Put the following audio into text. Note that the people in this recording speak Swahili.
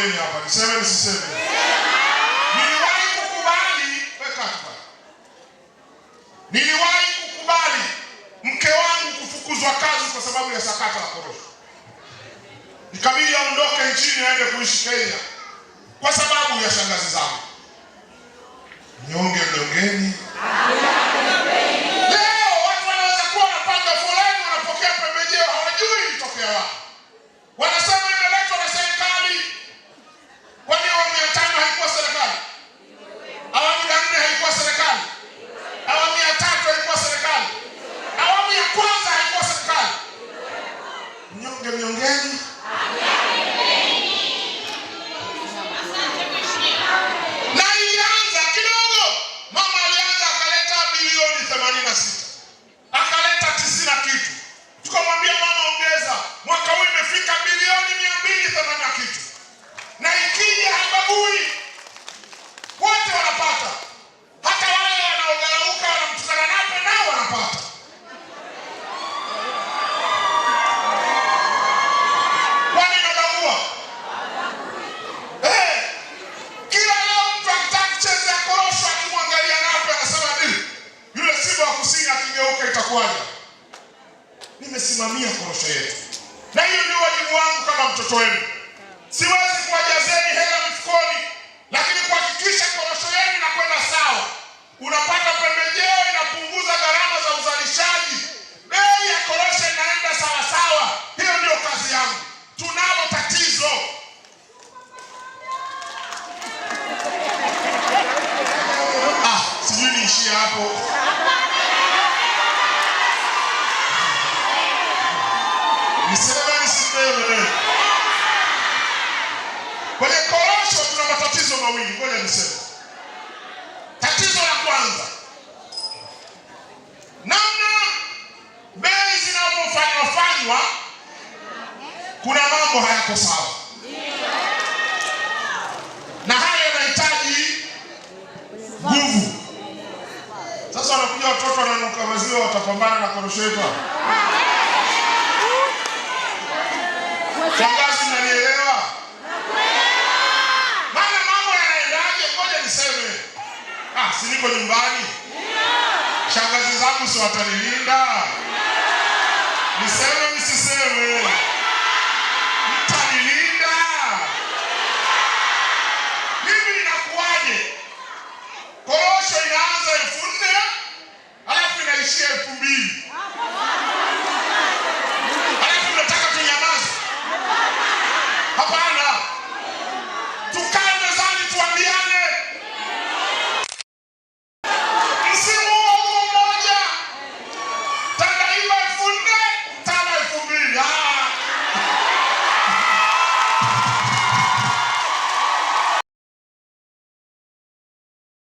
kweli hapa, niseme nisiseme? Niliwahi kukubali weka, niliwahi kukubali mke wangu kufukuzwa kazi kwa sababu ya sakata la korosho, ikabidi aondoke nchini aende kuishi Kenya kwa sababu ya shangazi zangu. Mnyonge mnyongeni. wanaweza kuwa wanapanga foleni, wanapokea pembejeo, hawajui ilitokea wapi. சொல்லுங்க Bwana, nimesimamia korosho yetu, na hiyo ndio wajibu wangu kama mtoto wenu. Siwezi kuwajazeni hela mfukoni, lakini kuhakikisha korosho yenu inakwenda sawa, unapata pembejeo, inapunguza gharama za uzalishaji, bei ya korosho inaenda sawasawa. Hiyo ndio kazi yangu. Tunalo tatizo ah, sijui niishie hapo. Kwenye korosho tuna matatizo mawili, ngoja niseme. Tatizo la kwanza, namna bei zinavyofanywa kuna mambo hayako sawa, na hayo yanahitaji nguvu. Sasa wanakuja watoto wananuka maziwa, watapambana na korosho yetu si niko nyumbani? Shangazi zangu si watanilinda? Niseme msiseme, mtanilinda mimi. ninakuaje? korosho inaanza elfu nne alafu inaishia elfu mbili